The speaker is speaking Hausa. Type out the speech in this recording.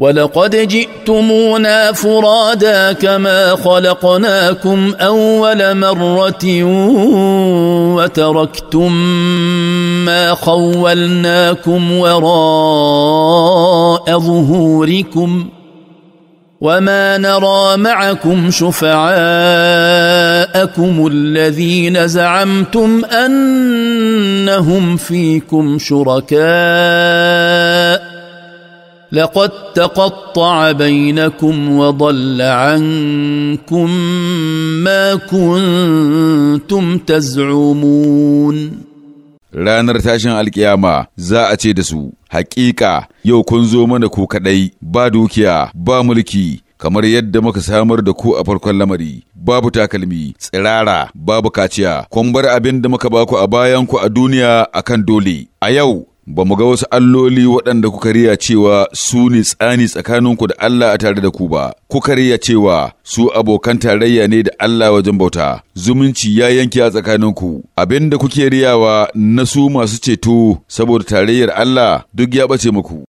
ولقد جئتمونا فرادا كما خلقناكم اول مره وتركتم ما خولناكم وراء ظهوركم وما نرى معكم شفعاءكم الذين زعمتم انهم فيكم شركاء لقد تقطع بينكم وضل عنكم ما كنتم تزعمون ranar tashin alkiyama za a ce da su hakika yau kun zo mana ku kaɗai ba dukiya ba mulki kamar yadda muka samar da ku a farkon lamari babu takalmi tsirara babu kaciya kun bar abin da muka baku a bayanku a duniya akan dole a yau ba mu ga wasu alloli waɗanda kuka riya cewa su ne tsani tsakaninku da Allah a tare da ku ba, kuka riya cewa su abokan tarayya ne da Allah wajen bauta, zumunci ya yanke a tsakaninku, abin da kuke riyawa na su masu ceto saboda tarayyar Allah duk ya ɓace muku.